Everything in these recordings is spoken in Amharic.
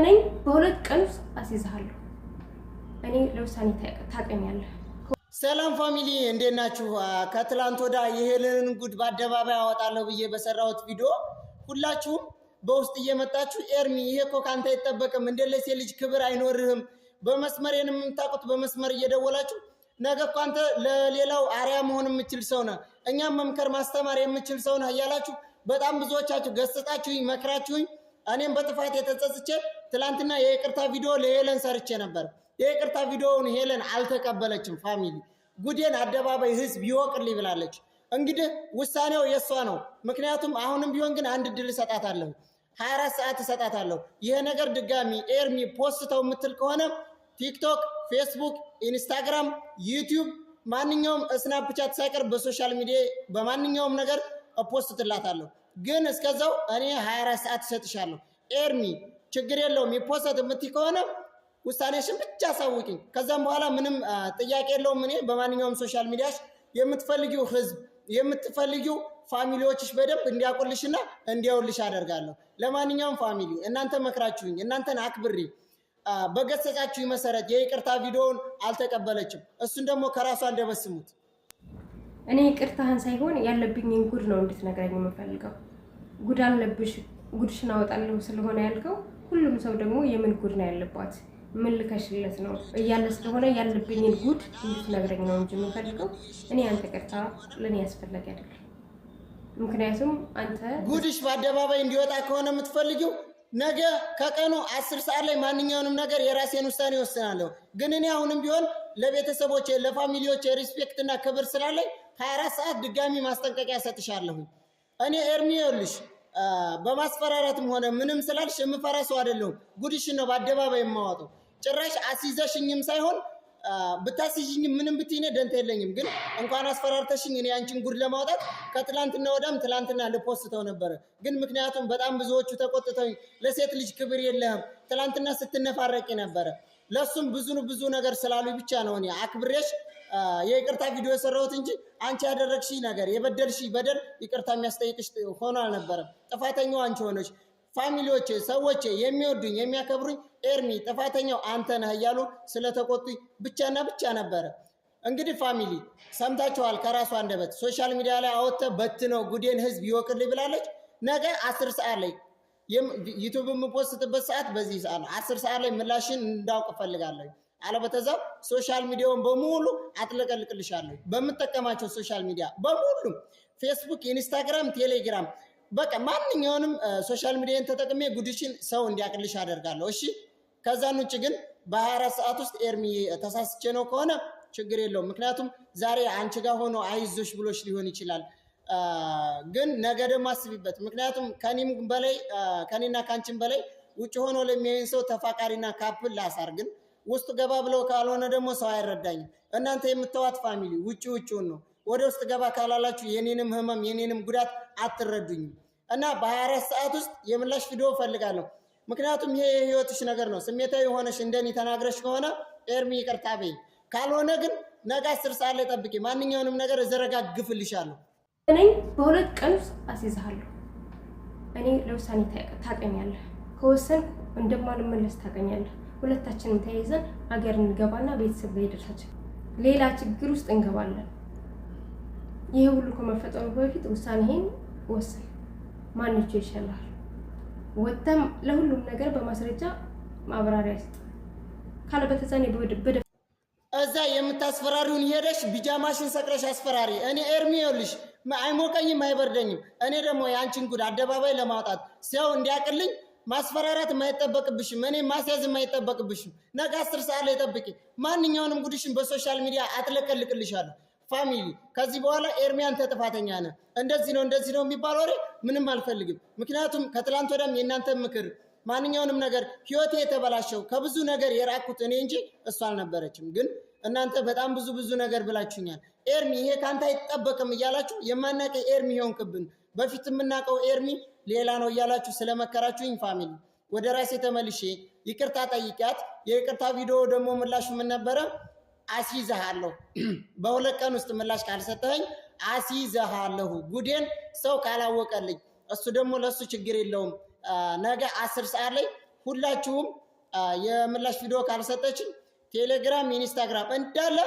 እኔ በሁለት ቀን ውስጥ አስይዝሃለሁ። እኔ ለውሳኔ ታቀኛለህ። ሰላም ፋሚሊ እንዴት ናችሁ? ከትላንት ወዳ የሄለንን ጉድ በአደባባይ አወጣለሁ ብዬ በሰራሁት ቪዲዮ ሁላችሁም በውስጥ እየመጣችሁ ኤርሚ፣ ይሄ እኮ ከአንተ አይጠበቅም፣ እንደ ለሴ ልጅ ክብር አይኖርህም፣ በመስመሬን የምታውቁት በመስመር እየደወላችሁ ነገ እኮ አንተ ለሌላው አሪያ መሆን የምችል ሰው ነህ፣ እኛም መምከር ማስተማር የምችል ሰው ነህ እያላችሁ በጣም ብዙዎቻችሁ ገስጣችሁኝ፣ መክራችሁኝ እኔም በጥፋት የተጸጽቼ ትላንትና የይቅርታ ቪዲዮ ለሄለን ሰርቼ ነበር። የይቅርታ ቪዲዮውን ሄለን አልተቀበለችም። ፋሚሊ ጉዴን አደባባይ ህዝብ ይወቅልኝ ብላለች። እንግዲህ ውሳኔው የእሷ ነው። ምክንያቱም አሁንም ቢሆን ግን አንድ ድል እሰጣታለሁ፣ ሀያ አራት ሰዓት እሰጣታለሁ። ይሄ ነገር ድጋሚ ኤርሚ ፖስተው የምትል ከሆነ ቲክቶክ፣ ፌስቡክ፣ ኢንስታግራም፣ ዩቲዩብ ማንኛውም ስናፕቻት ሳይቀር በሶሻል ሚዲያ በማንኛውም ነገር ፖስትላታለሁ። ግን እስከዛው እኔ 24 ሰዓት እሰጥሻለሁ። ኤርሚ ችግር የለውም ይፖሰት የምትይ ከሆነ ውሳኔሽን ብቻ አሳውቂኝ። ከዛም በኋላ ምንም ጥያቄ የለውም። እኔ በማንኛውም ሶሻል ሚዲያሽ የምትፈልጊው ህዝብ የምትፈልጊው ፋሚሊዎችሽ በደንብ እንዲያውቁልሽና እንዲያውልሽ አደርጋለሁ። ለማንኛውም ፋሚሊ እናንተ መክራችሁኝ፣ እናንተን አክብሪ በገሰጻችሁኝ መሰረት የይቅርታ ቪዲዮውን አልተቀበለችም። እሱን ደግሞ ከራሷ እንደበስሙት እኔ ቅርታህን ሳይሆን ያለብኝን ጉድ ነው እንድትነግረኝ የምፈልገው። ጉድ አለብሽ፣ ጉድሽን አወጣለሁ ስለሆነ ያልከው፣ ሁሉም ሰው ደግሞ የምን ጉድ ነው ያለባት ምን ልከሽለት ነው እያለ ስለሆነ ያለብኝን ጉድ እንድትነግረኝ ነው እንጂ የምፈልገው። እኔ አንተ ቅርታ ለእኔ ያስፈለገ አይደለም። ምክንያቱም አንተ ጉድሽ በአደባባይ እንዲወጣ ከሆነ የምትፈልጊው ነገ ከቀኑ አስር ሰዓት ላይ ማንኛውንም ነገር የራሴን ውሳኔ ይወስናለሁ። ግን እኔ አሁንም ቢሆን ለቤተሰቦች ለፋሚሊዎች ሪስፔክት እና ክብር ስላለኝ 24 ሰዓት ድጋሚ ማስጠንቀቂያ ሰጥሻለሁ። እኔ ኤርሚ ይኸውልሽ በማስፈራራትም ሆነ ምንም ስላልሽ የምፈራ ሰው አይደለሁም። ጉድሽን ነው በአደባባይ የማወጣው። ጭራሽ አስይዘሽኝም ሳይሆን ብታስይዥኝም ምንም ብትኔ ደንተ ደንታ የለኝም። ግን እንኳን አስፈራርተሽኝ እኔ አንቺን ጉድ ለማውጣት ከትላንትና ወዳም ትላንትና ልፖስተው ነበረ። ግን ምክንያቱም በጣም ብዙዎቹ ተቆጥተው ለሴት ልጅ ክብር የለህም ትላንትና ስትነፋረቂ ነበረ። ለሱም ብዙ ብዙ ነገር ስላሉ ብቻ ነው እኔ አክብሬሽ የይቅርታ ቪዲዮ የሰራሁት እንጂ አንቺ ያደረግሽ ነገር የበደልሽ በደል ይቅርታ የሚያስጠይቅሽ ሆኖ አልነበረም። ጥፋተኛው አንቺ ሆነች። ፋሚሊዎቼ፣ ሰዎቼ፣ የሚወዱኝ የሚያከብሩኝ ኤርሚ ጥፋተኛው አንተ ነህ እያሉ ስለተቆጡኝ ብቻና ብቻ ነበረ። እንግዲህ ፋሚሊ ሰምታችኋል ከራሱ አንደበት። ሶሻል ሚዲያ ላይ አወጥተ በትነው ጉዴን ህዝብ ይወቅልኝ ብላለች። ነገ አስር ሰዓት ላይ ዩቱብ የምፖስትበት ሰዓት በዚህ ሰዓት ነው። አስር ሰዓት ላይ ምላሽን እንዳውቅ እፈልጋለሁ። አለበተዛው ሶሻል ሚዲያውን በሙሉ አጥለቀልቅልሻለሁ። በምጠቀማቸው ሶሻል ሚዲያ በሙሉም ፌስቡክ፣ ኢንስታግራም፣ ቴሌግራም በቃ ማንኛውንም ሶሻል ሚዲያን ተጠቅሜ ጉድሽን ሰው እንዲያቅልሽ አደርጋለሁ። እሺ ከዛን ውጭ ግን በሀያ አራት ሰዓት ውስጥ ኤርሚ ተሳስቼ ነው ከሆነ ችግር የለውም። ምክንያቱም ዛሬ አንቺ ጋር ሆኖ አይዞሽ ብሎሽ ሊሆን ይችላል። ግን ነገ ደግሞ አስቢበት። ምክንያቱም ከኔም በላይ ከኔና ከአንቺም በላይ ውጭ ሆኖ ለሚያይን ሰው ተፋቃሪና ካፕል ላሳር ግን ውስጥ ገባ ብለው ካልሆነ ደግሞ ሰው አይረዳኝም። እናንተ የምተዋት ፋሚሊ ውጭ ውጭውን ነው። ወደ ውስጥ ገባ ካላላችሁ የኔንም ህመም የኔንም ጉዳት አትረዱኝም። እና በ24 ሰዓት ውስጥ የምላሽ ቪዲዮ እፈልጋለሁ። ምክንያቱም ይሄ የህይወትሽ ነገር ነው። ስሜታዊ የሆነሽ እንደኔ ተናግረሽ ከሆነ ኤርሚ ይቅርታ በይ፣ ካልሆነ ግን ነገ አስር ሰዓት ላይ ጠብቂ። ማንኛውንም ነገር እዘረጋግፍልሻለሁ። እኔ በሁለት ቀን ውስጥ አስይዝሃለሁ። እኔ ለውሳኔ ታቀኛለህ። ከወሰን እንደማልመለስ ታቀኛለህ። ሁለታችንም ተያይዘን አገር እንገባና ቤተሰብ ላይ ሌላ ችግር ውስጥ እንገባለን። ይሄ ሁሉ ከመፈጠሩ በፊት ውሳኔህን ወስን። ማንቸው ይሻላል? ወጥተም ለሁሉም ነገር በማስረጃ ማብራሪያ ይስጥ። ካለበለዚያ እኔ በደፍ እዛ የምታስፈራሪውን ሄደሽ ቢጃማሽን ሰቅለሽ አስፈራሪ። እኔ ኤርሚ ይኸውልሽ፣ አይሞቀኝም አይበርደኝም። እኔ ደግሞ የአንቺን ጉድ አደባባይ ለማውጣት ሰው እንዲያቅልኝ ማስፈራራት የማይጠበቅብሽም፣ እኔ ማስያዝ የማይጠበቅብሽም። ነገ አስር ሰዓት ላይ ጠብቂ። ማንኛውንም ጉድሽን በሶሻል ሚዲያ አጥለቀልቅልሻለሁ። ፋሚሊ ከዚህ በኋላ ኤርሚያን ተጥፋተኛ ነህ፣ እንደዚህ ነው እንደዚህ ነው የሚባል ወሬ ምንም አልፈልግም። ምክንያቱም ከትላንት ወዲያም የእናንተ ምክር ማንኛውንም ነገር ህይወቴ የተበላሸው ከብዙ ነገር የራኩት እኔ እንጂ እሱ አልነበረችም። ግን እናንተ በጣም ብዙ ብዙ ነገር ብላችሁኛል። ኤርሚ ይሄ ከአንተ አይጠበቅም እያላችሁ የማናውቀው ኤርሚ ሆንክብን። በፊት የምናውቀው ኤርሚ ሌላ ነው እያላችሁ ስለመከራችሁኝ ፋሚሊ ወደ ራሴ ተመልሼ ይቅርታ ጠይቂያት። የይቅርታ ቪዲዮ ደግሞ ምላሹ ምን ነበረ? አስይዘሃለሁ፣ በሁለት ቀን ውስጥ ምላሽ ካልሰጠኸኝ አስይዘሃለሁ። ጉዴን ሰው ካላወቀልኝ እሱ ደግሞ ለእሱ ችግር የለውም። ነገ አስር ሰዓት ላይ ሁላችሁም የምላሽ ቪዲዮ ካልሰጠችኝ ቴሌግራም፣ ኢንስታግራም እንዳለ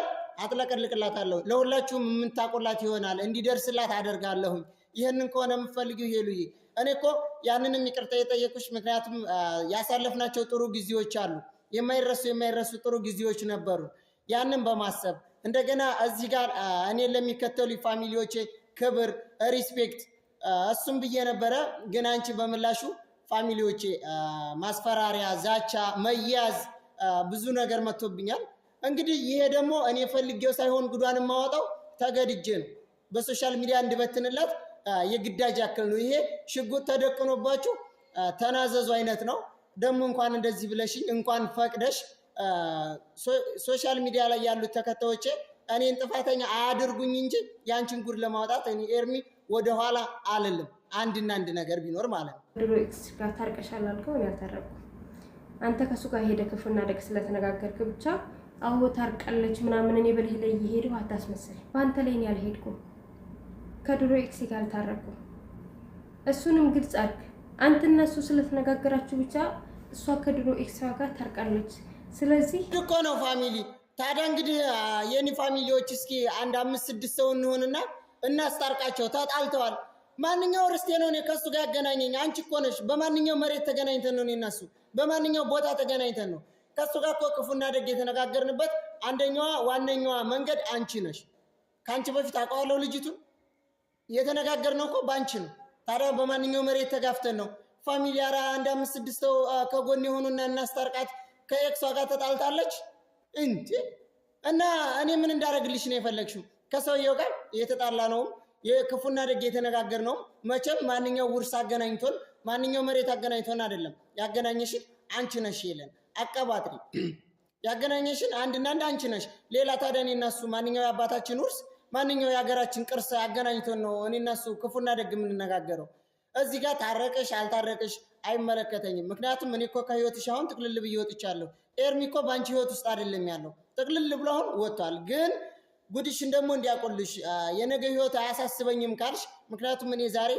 አጥለቀልቅላታለሁ። ለሁላችሁም የምንታቆላት ይሆናል እንዲደርስላት አደርጋለሁኝ። ይህንን ከሆነ የምፈልጊው ሄሉዬ እኔ እኮ ያንንም ይቅርታ የጠየቁች ምክንያቱም ያሳለፍናቸው ጥሩ ጊዜዎች አሉ፣ የማይረሱ የማይረሱ ጥሩ ጊዜዎች ነበሩ። ያንን በማሰብ እንደገና እዚህ ጋር እኔ ለሚከተሉ ፋሚሊዎቼ ክብር ሪስፔክት፣ እሱም ብዬ ነበረ። ግን አንቺ በምላሹ ፋሚሊዎቼ ማስፈራሪያ፣ ዛቻ፣ መያዝ ብዙ ነገር መጥቶብኛል። እንግዲህ ይሄ ደግሞ እኔ ፈልጌው ሳይሆን ጉዷን የማወጣው ተገድጄ ነው በሶሻል ሚዲያ እንድበትንላት የግዳጅ ያክል ነው። ይሄ ሽጉጥ ተደቅኖባችሁ ተናዘዙ አይነት ነው። ደግሞ እንኳን እንደዚህ ብለሽኝ እንኳን ፈቅደሽ ሶሻል ሚዲያ ላይ ያሉት ተከታዮቼ እኔን ጥፋተኛ አያድርጉኝ እንጂ ያንቺን ጉድ ለማውጣት እኔ ኤርሚ ወደኋላ አልልም። አንድና አንድ ነገር ቢኖር ማለት ነው። ድሮ ኤክስ ጋር ታርቀሻል አልከው፣ እኔ አልታረቁም። አንተ ከእሱ ጋር ሄደ ክፉና ደግ ስለተነጋገርክ ብቻ አሁ ታርቃለች ምናምን እኔ በልህ ላይ እየሄድሁ አታስመስል። በአንተ ላይ እኔ አልሄድኩም። ከድሮ ኤክስ ጋር ታረቁ። እሱንም ግልጽ አድርግ። እና እሱ ስለተነጋገራችሁ ብቻ እሷ ከድሮ ኤክስዋ ጋር ታርቃለች። ስለዚህ እኮ ነው ፋሚሊ። ታዲያ እንግዲህ የኔ ፋሚሊዎች እስኪ አንድ አምስት ስድስት ሰው እንሆንና እናስታርቃቸው። ተጣልተዋል። ማንኛው ርስቴ ነው እኔ ከእሱ ጋር ያገናኘኝ? አንቺ እኮ ነሽ። በማንኛው መሬት ተገናኝተን ነው እና እሱ በማንኛው ቦታ ተገናኝተን ነው ከእሱ ጋር እኮ ደግ የተነጋገርንበት አንደኛዋ ዋነኛዋ መንገድ አንቺ ነሽ። ከአንቺ በፊት አውቀዋለሁ ልጅቱን እየተነጋገርነው እኮ ባንቺ ነው። ታዲያ በማንኛው መሬት ተጋፍተን ነው? ፋሚሊያራ አንድ አምስት ስድስት ሰው ከጎን የሆኑና እናስታርቃት ከኤክሷ ጋር ተጣልታለች እንዴ? እና እኔ ምን እንዳደረግልሽ ነው የፈለግሽው? ከሰውየው ጋር የተጣላ ነውም የክፉና ደግ የተነጋገር ነው። መቼም ማንኛው ውርስ አገናኝቶን ማንኛው መሬት አገናኝቶን አይደለም ያገናኘሽን አንቺ ነሽ የለን አቀባጥሪ ያገናኘሽን አንድና አንድ አንቺ ነሽ። ሌላ ታዲያ እኔ እና እሱ ማንኛው የአባታችን ውርስ ማንኛው የሀገራችን ቅርስ አገናኝቶን ነው እኔ እነሱ ክፉና ደግ የምንነጋገረው። እዚህ ጋር ታረቀሽ አልታረቀሽ አይመለከተኝም። ምክንያቱም እኔ እኮ ከህይወትሽ አሁን ጥቅልል ብዬ ወጥቻለሁ። ኤርሚ እኮ በአንቺ ህይወት ውስጥ አይደለም ያለው፣ ጥቅልል ብሎ አሁን ወጥቷል። ግን ጉድሽን ደግሞ እንዲያቆልሽ የነገ ህይወት አያሳስበኝም ካልሽ፣ ምክንያቱም እኔ ዛሬ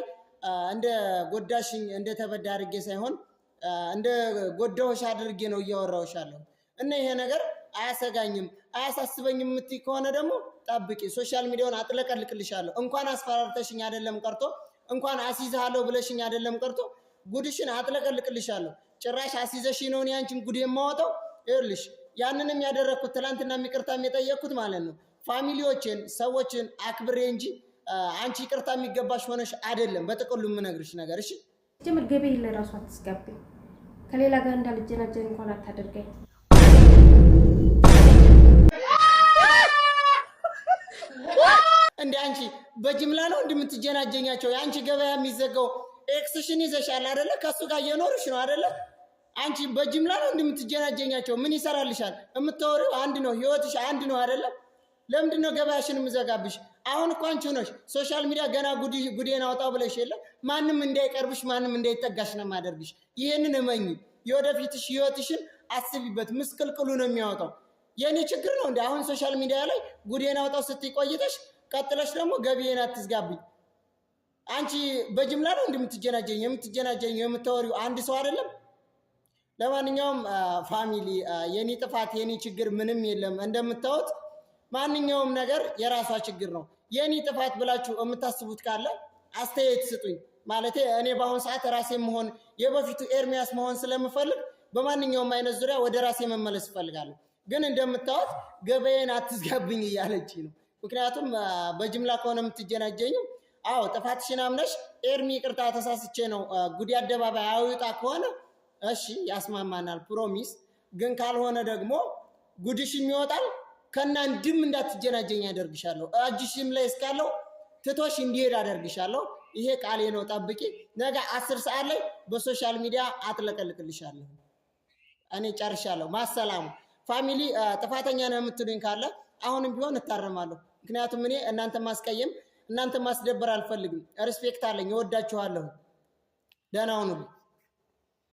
እንደ ጎዳሽኝ እንደ ተበዳ አድርጌ ሳይሆን እንደ ጎዳዎች አድርጌ ነው እያወራዎሻለሁ እና ይሄ ነገር አያሰጋኝም፣ አያሳስበኝም የምትይ ከሆነ ደግሞ ጠብቂ። ሶሻል ሚዲያውን አጥለቀልቅልሻለሁ። እንኳን አስፈራርተሽኝ አይደለም ቀርቶ እንኳን አስይዝሃለሁ ብለሽኝ አይደለም ቀርቶ ጉድሽን አጥለቀልቅልሻለሁ። ጭራሽ አስይዘሽ ነውን ያንቺን ጉድ የማወጣው ይልሽ። ያንንም ያደረግኩት ትላንትና ይቅርታ የጠየቅኩት ማለት ነው ፋሚሊዎችን፣ ሰዎችን አክብሬ እንጂ አንቺ ይቅርታ የሚገባሽ ሆነሽ አይደለም። በጥቅሉ የምነግርሽ ነገር እሺ፣ ጀምር ገበይ ለራሱ አትስጋብኝ። ከሌላ ጋር እንዳልጀናጀን እንኳን አታደርገኝ። እንደ አንቺ በጅምላ ነው እንድምትጀናጀኛቸው የአንቺ ገበያ የሚዘጋው ኤክስሽን ይዘሻል አደለ? ከሱ ጋር እየኖርሽ ነው አደለ? አንቺ በጅምላ ነው እንድምትጀናጀኛቸው። ምን ይሰራልሻል? የምታወሪው አንድ ነው፣ ህይወትሽ አንድ ነው አደለ? ለምንድን ነው ገበያሽን የምዘጋብሽ? አሁን እኮ አንቺ ሆነሽ ሶሻል ሚዲያ ገና ጉዴን አውጣው ብለሽ የለ ማንም እንዳይቀርብሽ ማንም እንዳይጠጋሽ ነው የማደርግሽ። ይህንን እመኝ። የወደፊትሽ ህይወትሽን አስቢበት። ምስቅልቅሉ ነው የሚያወጣው። የእኔ ችግር ነው እንዲ አሁን ሶሻል ሚዲያ ላይ ጉዴን አውጣው ስትቆይተሽ ቀጥለሽ ደግሞ ገቢዬን አትዝጋብኝ። አንቺ በጅምላ ነው እንደምትጀናጀኝ የምትጀናጀኝ የምታወሪው አንድ ሰው አይደለም። ለማንኛውም ፋሚሊ የኔ ጥፋት የኔ ችግር ምንም የለም። እንደምታወት ማንኛውም ነገር የራሷ ችግር ነው። የኔ ጥፋት ብላችሁ የምታስቡት ካለ አስተያየት ስጡኝ። ማለቴ እኔ በአሁን ሰዓት ራሴ መሆን የበፊቱ ኤርሚያስ መሆን ስለምፈልግ በማንኛውም አይነት ዙሪያ ወደ ራሴ መመለስ እፈልጋለሁ። ግን እንደምታወት ገበዬን አትዝጋብኝ እያለች ነው። ምክንያቱም በጅምላ ከሆነ የምትጀናጀኙ አዎ ጥፋትሽን አምነሽ ኤርሚ ቅርታ ተሳስቼ ነው ጉዲ አደባባይ አውጣ ከሆነ እሺ ያስማማናል፣ ፕሮሚስ። ግን ካልሆነ ደግሞ ጉድሽም ይወጣል፣ ከና እንድም እንዳትጀናጀኝ ያደርግሻለሁ። እጅሽም ላይ እስካለው ትቶሽ እንዲሄድ አደርግሻለሁ። ይሄ ቃሌ ነው። ጠብቂ። ነገ አስር ሰዓት ላይ በሶሻል ሚዲያ አጥለቀልቅልሻለሁ። እኔ ጨርሻለሁ። ማሰላሙ ፋሚሊ። ጥፋተኛ ነው የምትሉኝ ካለ አሁንም ቢሆን እታረማለሁ። ምክንያቱም እኔ እናንተ ማስቀየም እናንተ ማስደበር አልፈልግም። ሪስፔክት አለኝ። እወዳችኋለሁ። ደህና ሁኑልኝ።